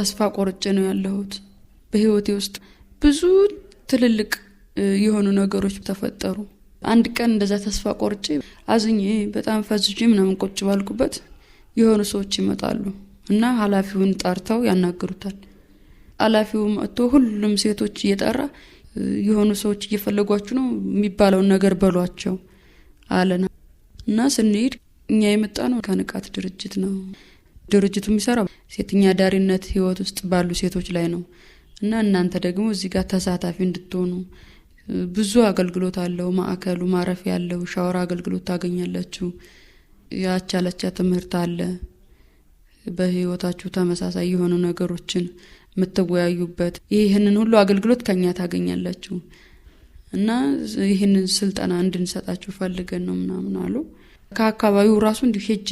ተስፋ ቆርጬ ነው ያለሁት። በህይወቴ ውስጥ ብዙ ትልልቅ የሆኑ ነገሮች ተፈጠሩ። አንድ ቀን እንደዛ ተስፋ ቆርጬ አዝኜ በጣም ፈዝጄ ምናምን ቁጭ ባልኩበት የሆኑ ሰዎች ይመጣሉ እና ኃላፊውን ጠርተው ያናግሩታል። ኃላፊው መጥቶ ሁሉም ሴቶች እየጠራ የሆኑ ሰዎች እየፈለጓችሁ ነው የሚባለውን ነገር በሏቸው አለና እና ስንሄድ እኛ የመጣ ነው ከንቃት ድርጅት ነው ድርጅቱ የሚሰራው ሴተኛ አዳሪነት ህይወት ውስጥ ባሉ ሴቶች ላይ ነው እና እናንተ ደግሞ እዚህ ጋር ተሳታፊ እንድትሆኑ ብዙ አገልግሎት አለው። ማዕከሉ ማረፍ ያለው ሻወራ አገልግሎት ታገኛላችሁ። የአቻለቻ ትምህርት አለ። በህይወታችሁ ተመሳሳይ የሆኑ ነገሮችን የምትወያዩበት ይህንን ሁሉ አገልግሎት ከኛ ታገኛላችሁ እና ይህንን ስልጠና እንድንሰጣችሁ ፈልገን ነው ምናምን አሉ። ከአካባቢው ራሱ እንዲሁ ሄጄ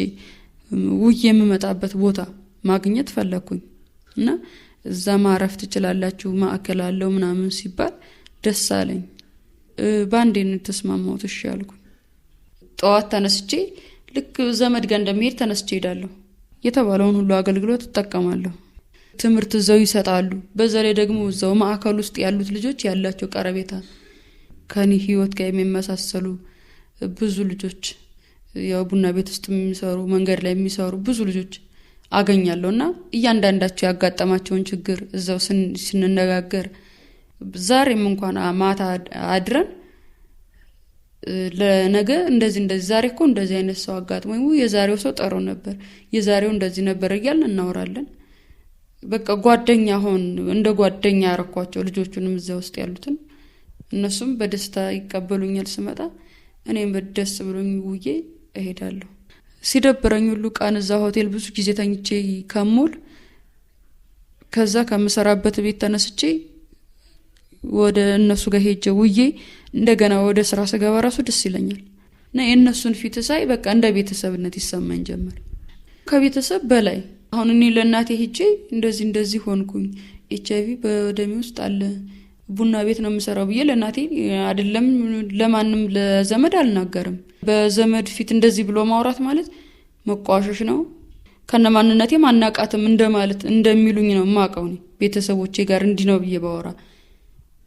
ውይ የምመጣበት ቦታ ማግኘት ፈለግኩኝ እና እዛ ማረፍ ትችላላችሁ ማዕከል አለው ምናምን ሲባል ደስ አለኝ። በአንዴ ነው የተስማማሁት። እሺ ያልኩኝ። ጠዋት ተነስቼ ልክ ዘመድ ጋር እንደሚሄድ ተነስቼ ሄዳለሁ። የተባለውን ሁሉ አገልግሎት እጠቀማለሁ። ትምህርት እዛው ይሰጣሉ። በዛ ላይ ደግሞ እዛው ማዕከል ውስጥ ያሉት ልጆች ያላቸው ቀረቤታ ከኒህ ህይወት ጋር የሚመሳሰሉ ብዙ ልጆች የቡና ቤት ውስጥ የሚሰሩ መንገድ ላይ የሚሰሩ ብዙ ልጆች አገኛለሁ እና እያንዳንዳቸው ያጋጠማቸውን ችግር እዛው ስንነጋገር ዛሬም እንኳን ማታ አድረን ለነገ እንደዚህ እንደዚህ ዛሬ እኮ እንደዚህ አይነት ሰው አጋጥሞ የዛሬው ሰው ጠሮ ነበር፣ የዛሬው እንደዚህ ነበር እያልን እናወራለን። በቃ ጓደኛ ሆን እንደ ጓደኛ ያረኳቸው ልጆቹንም እዛ ውስጥ ያሉትን እነሱም በደስታ ይቀበሉኛል ስመጣ እኔም በደስ ብሎኝ ውዬ እሄዳለሁ። ሲደብረኝ ሁሉ ቀን እዛ ሆቴል ብዙ ጊዜ ተኝቼ ከሙል ከዛ ከምሰራበት ቤት ተነስቼ ወደ እነሱ ጋር ሄጄ ውዬ እንደገና ወደ ስራ ስገባ ራሱ ደስ ይለኛል እና የእነሱን ፊት ሳይ በቃ እንደ ቤተሰብነት ይሰማኝ ጀመር። ከቤተሰብ በላይ አሁን እኔ ለእናቴ ሄጄ እንደዚህ እንደዚህ ሆንኩኝ፣ ኤች አይቪ በደሜ ውስጥ አለ፣ ቡና ቤት ነው የምሰራው ብዬ ለእናቴ አይደለም ለማንም ለዘመድ አልናገርም። በዘመድ ፊት እንደዚህ ብሎ ማውራት ማለት መቋሸሽ ነው። ከነ ማንነቴ ማናቃትም እንደማለት እንደሚሉኝ ነው ማቀው ቤተሰቦቼ ጋር እንዲ ነው ብዬ ባወራ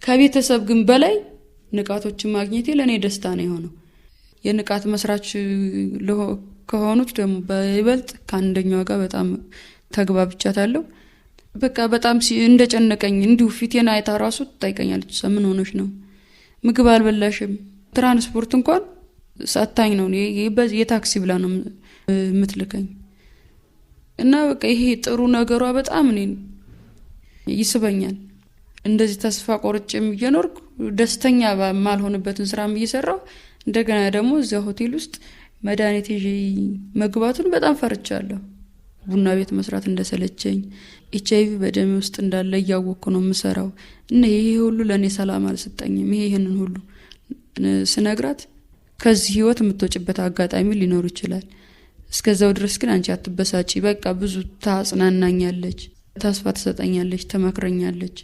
ከቤተሰብ ግን በላይ ንቃቶችን ማግኘቴ ለእኔ ደስታ ነው የሆነው። የንቃት መስራች ከሆኑት ደግሞ በይበልጥ ከአንደኛው ጋር በጣም ተግባብቻታለሁ። በቃ በጣም እንደጨነቀኝ እንዲሁ ፊቴን አይታ ራሱ ትጠይቀኛለች፣ ምን ሆኖች ነው? ምግብ አልበላሽም? ትራንስፖርት እንኳን ሰታኝ ነው የታክሲ ብላ ነው የምትልከኝ እና በቃ ይሄ ጥሩ ነገሯ በጣም እኔን ይስበኛል። እንደዚህ ተስፋ ቆርጬም እየኖርኩ ደስተኛ ማልሆንበትን ስራም እየሰራው እንደገና ደግሞ እዚያ ሆቴል ውስጥ መድኃኒት ይዤ መግባቱን በጣም ፈርቻለሁ። ቡና ቤት መስራት እንደሰለቸኝ ኤች አይቪ በደሜ ውስጥ እንዳለ እያወቅኩ ነው የምሰራው እና ይሄ ሁሉ ለእኔ ሰላም አልሰጠኝም። ይሄ ይህንን ሁሉ ስነግራት ከዚህ ህይወት የምትወጭበት አጋጣሚ ሊኖር ይችላል። እስከዛው ድረስ ግን አንቺ አትበሳጪ። በቃ ብዙ ታጽናናኛለች፣ ተስፋ ትሰጠኛለች፣ ተመክረኛለች።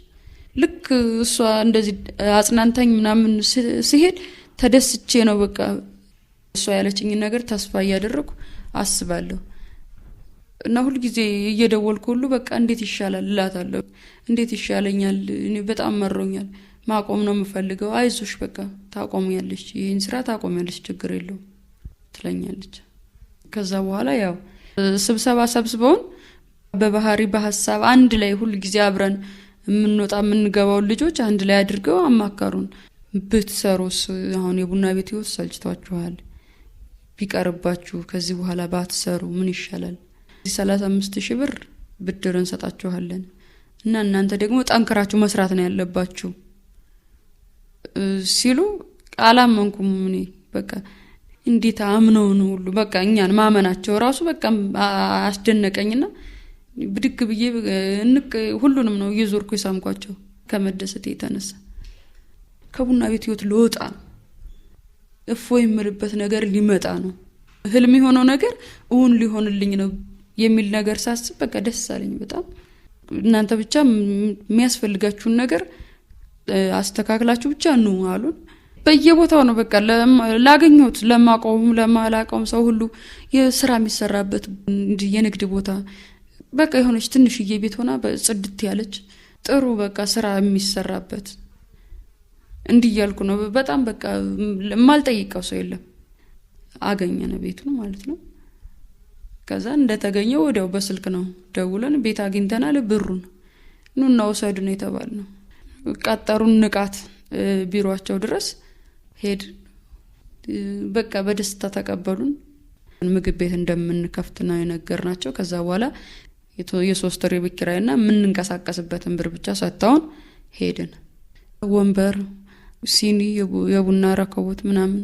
ልክ እሷ እንደዚህ አጽናንታኝ ምናምን ሲሄድ ተደስቼ ነው በቃ እሷ ያለችኝ ነገር ተስፋ እያደረጉ አስባለሁ እና ሁልጊዜ እየደወልኩ ሁሉ በቃ እንዴት ይሻላል እላታለሁ። እንዴት ይሻለኛል? እኔ በጣም መሮኛል ማቆም ነው የምፈልገው። አይዞሽ በቃ ታቆሚያለች ይህን ስራ ታቆሚያለች ችግር የለው። ትለኛለች። ከዛ በኋላ ያው ስብሰባ ሰብስበውን በባህሪ በሀሳብ አንድ ላይ ሁል ጊዜ አብረን የምንወጣ የምንገባውን ልጆች አንድ ላይ አድርገው አማከሩን። ብትሰሩስ አሁን የቡና ቤት ህይወት ሰልችቷችኋል፣ ቢቀርባችሁ ከዚህ በኋላ ባትሰሩ ምን ይሻላል? ሰላሳ አምስት ሺህ ብር ብድር እንሰጣችኋለን እና እናንተ ደግሞ ጠንክራችሁ መስራት ነው ያለባችሁ ሲሉ አላመንኩም። እኔ በቃ እንዴት አምነው ነው ሁሉ በቃ እኛን ማመናቸው ራሱ በቃ አስደነቀኝና ብድግ ብዬ እንቅ ሁሉንም ነው እየዞርኩ የሳምኳቸው ከመደሰት የተነሳ ከቡና ቤት ህይወት ልወጣ ነው። እፎ የምልበት ነገር ሊመጣ ነው። ህልም የሆነው ነገር እውን ሊሆንልኝ ነው የሚል ነገር ሳስብ በቃ ደስ አለኝ በጣም። እናንተ ብቻ የሚያስፈልጋችሁን ነገር አስተካክላችሁ ብቻ ኑ አሉን። በየቦታው ነው በቃ ላገኘሁት ለማቆሙም ለማላቀውም ሰው ሁሉ የስራ የሚሰራበት የንግድ ቦታ በቃ የሆነች ትንሽዬ ቤት ሆና ጽድት ያለች ጥሩ በቃ ስራ የሚሰራበት እንዲህ እያልኩ ነው። በጣም በቃ የማልጠይቀው ሰው የለም። አገኘነ ቤቱን ማለት ነው። ከዛ እንደተገኘው ወዲያው በስልክ ነው ደውለን ቤት አግኝተናል፣ ብሩን ኑና ውሰዱ ነው ነው። ቀጠሩን ንቃት ቢሮቸው ድረስ ሄድ በቃ በደስታ ተቀበሉን። ምግብ ቤት እንደምንከፍት ነው ናቸው ከዛ በኋላ የሶስት ሪብ ና የምንንቀሳቀስበትን ብር ብቻ ሰጥተውን ሄድን። ወንበር፣ ሲኒ፣ የቡና ረከቦት ምናምን፣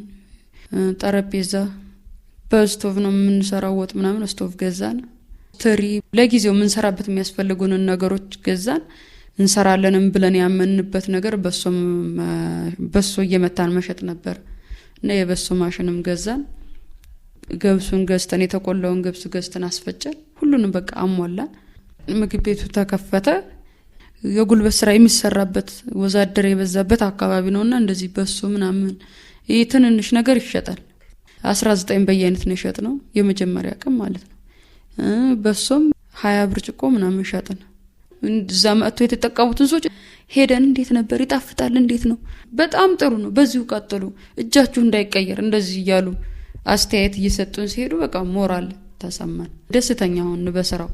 ጠረጴዛ በስቶቭ ነው የምንሰራው ወጥ ምናምን ስቶቭ ገዛን። ትሪ ለጊዜው የምንሰራበት የሚያስፈልጉንን ነገሮች ገዛን። እንሰራለንም ብለን ያመንበት ነገር በሶ እየመታን መሸጥ ነበር እና የበሶ ማሽንም ገዛን። ገብሱን ገዝተን የተቆላውን ገብስ ገዝተን አስፈጨን። ሁሉንም በቃ አሟላን። ምግብ ቤቱ ተከፈተ። የጉልበት ስራ የሚሰራበት ወዛደር የበዛበት አካባቢ እና እንደዚህ በሶ ምናምን ይህ ትንንሽ ነገር ይሸጣል። አስራ ዘጠኝ በየአይነት ነው የሸጥ ነው የመጀመሪያ ቅም ማለት ነው። በሶም ሀያ ብርጭቆ ምናምን ነው እዛ መጥቶ የተጠቀሙትን ሰዎች ሄደን እንዴት ነበር ይጣፍጣል፣ እንዴት ነው በጣም ጥሩ ነው፣ በዚሁ ቀጥሉ፣ እጃችሁ እንዳይቀየር እንደዚህ እያሉ አስተያየት እየሰጡን ሲሄዱ በቃ ሞራል ተሰማን፣ ደስተኛ ሆን በስራው።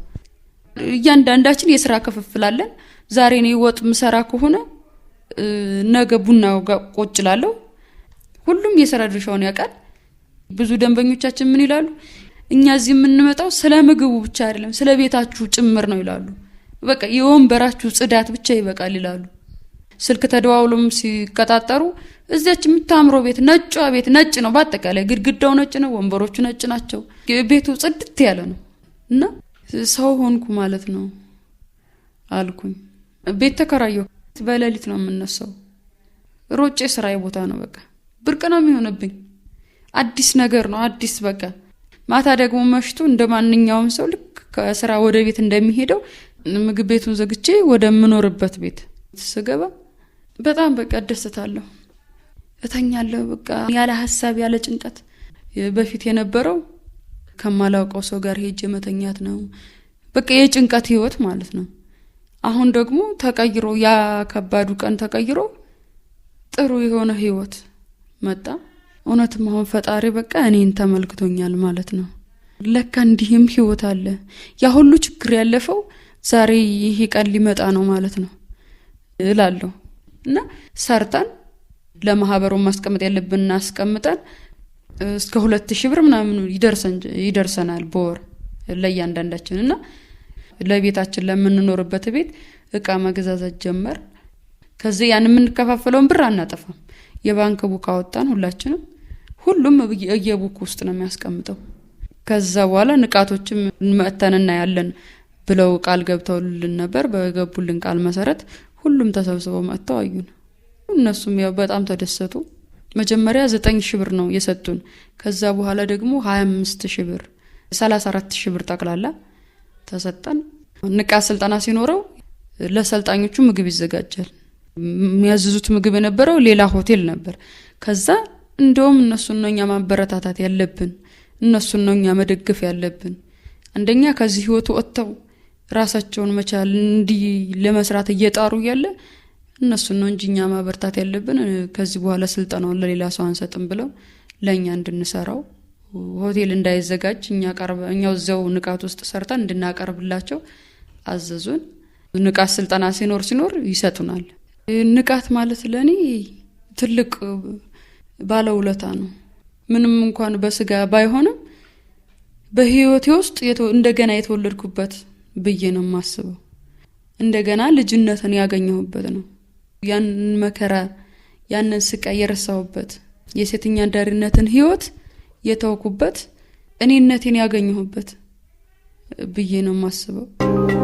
እያንዳንዳችን የስራ ክፍፍላለን። ዛሬ እኔ ወጥ ምሰራ ከሆነ ነገ ቡና ቆጭ ሁሉም የስራ ድርሻውን ያውቃል። ብዙ ደንበኞቻችን ምን ይላሉ? እኛ እዚህ የምንመጣው ስለ ምግቡ ብቻ አይደለም ስለ ቤታችሁ ጭምር ነው ይላሉ። በቃ የወንበራችሁ ጽዳት ብቻ ይበቃል ይላሉ። ስልክ ተደዋውሎም ሲቀጣጠሩ እዚያች የምታምረው ቤት ነጯ ቤት ነጭ ነው። በአጠቃላይ ግድግዳው ነጭ ነው፣ ወንበሮቹ ነጭ ናቸው። ቤቱ ጽድት ያለ ነው እና ሰው ሆንኩ ማለት ነው አልኩኝ። ቤት ተከራየሁ። በሌሊት ነው የምነሳው። ሮጬ ስራዬ ቦታ ነው። በቃ ብርቅ ነው የሚሆንብኝ። አዲስ ነገር ነው አዲስ በቃ ማታ ደግሞ መሽቶ እንደ ማንኛውም ሰው ልክ ከስራ ወደ ቤት እንደሚሄደው ምግብ ቤቱን ዘግቼ ወደምኖርበት ቤት ስገባ በጣም በቃ ደስታለሁ እተኛለሁ። በቃ ያለ ሀሳብ ያለ ጭንቀት። በፊት የነበረው ከማላውቀው ሰው ጋር ሄጅ መተኛት ነው፣ በቃ የጭንቀት ህይወት ማለት ነው። አሁን ደግሞ ተቀይሮ ያ ከባዱ ቀን ተቀይሮ ጥሩ የሆነ ህይወት መጣ። እውነትም አሁን ፈጣሪ በቃ እኔን ተመልክቶኛል ማለት ነው። ለካ እንዲህም ህይወት አለ ያ ሁሉ ችግር ያለፈው ዛሬ ይሄ ቀን ሊመጣ ነው ማለት ነው እላለሁ እና ሰርተን ለማህበሩ ማስቀመጥ ያለብን አስቀምጠን እስከ ሁለት ሺህ ብር ምናምን ይደርሰናል በወር ለእያንዳንዳችን እና ለቤታችን ለምንኖርበት ቤት እቃ መገዛዘት ጀመር። ከዚ ያን የምንከፋፈለውን ብር አናጠፋም። የባንክ ቡክ አወጣን ሁላችንም፣ ሁሉም የቡክ ውስጥ ነው የሚያስቀምጠው። ከዛ በኋላ ንቃቶችም መጥተን ያለን ብለው ቃል ገብተውልን ነበር። በገቡልን ቃል መሰረት ሁሉም ተሰብስበው መጥተው አዩን። እነሱም ያው በጣም ተደሰቱ። መጀመሪያ ዘጠኝ ሺ ብር ነው የሰጡን። ከዛ በኋላ ደግሞ ሀያ አምስት ሺ ብር፣ ሰላሳ አራት ሺ ብር ጠቅላላ ተሰጠን። ንቃት ስልጠና ሲኖረው ለሰልጣኞቹ ምግብ ይዘጋጃል። የሚያዝዙት ምግብ የነበረው ሌላ ሆቴል ነበር። ከዛ እንደውም እነሱን ነው እኛ ማበረታታት ያለብን፣ እነሱን ነው እኛ መደገፍ ያለብን። አንደኛ ከዚህ ህይወቱ ወጥተው ራሳቸውን መቻል እንዲህ ለመስራት እየጣሩ እያለ እነሱ ነው እንጂ እኛ ማበርታት ያለብን ከዚህ በኋላ ስልጠናውን ለሌላ ሰው አንሰጥም ብለው ለእኛ እንድንሰራው ሆቴል እንዳይዘጋጅ እኛው እዚያው ንቃት ውስጥ ሰርተን እንድናቀርብላቸው አዘዙን። ንቃት ስልጠና ሲኖር ሲኖር ይሰጡናል። ንቃት ማለት ለእኔ ትልቅ ባለውለታ ነው። ምንም እንኳን በስጋ ባይሆንም በህይወቴ ውስጥ እንደገና የተወለድኩበት ብዬ ነው የማስበው። እንደገና ልጅነትን ያገኘሁበት ነው። ያንን መከራ፣ ያንን ስቃይ የረሳሁበት፣ የሴተኛ አዳሪነትን ህይወት የተውኩበት፣ እኔነቴን ያገኘሁበት ብዬ ነው የማስበው።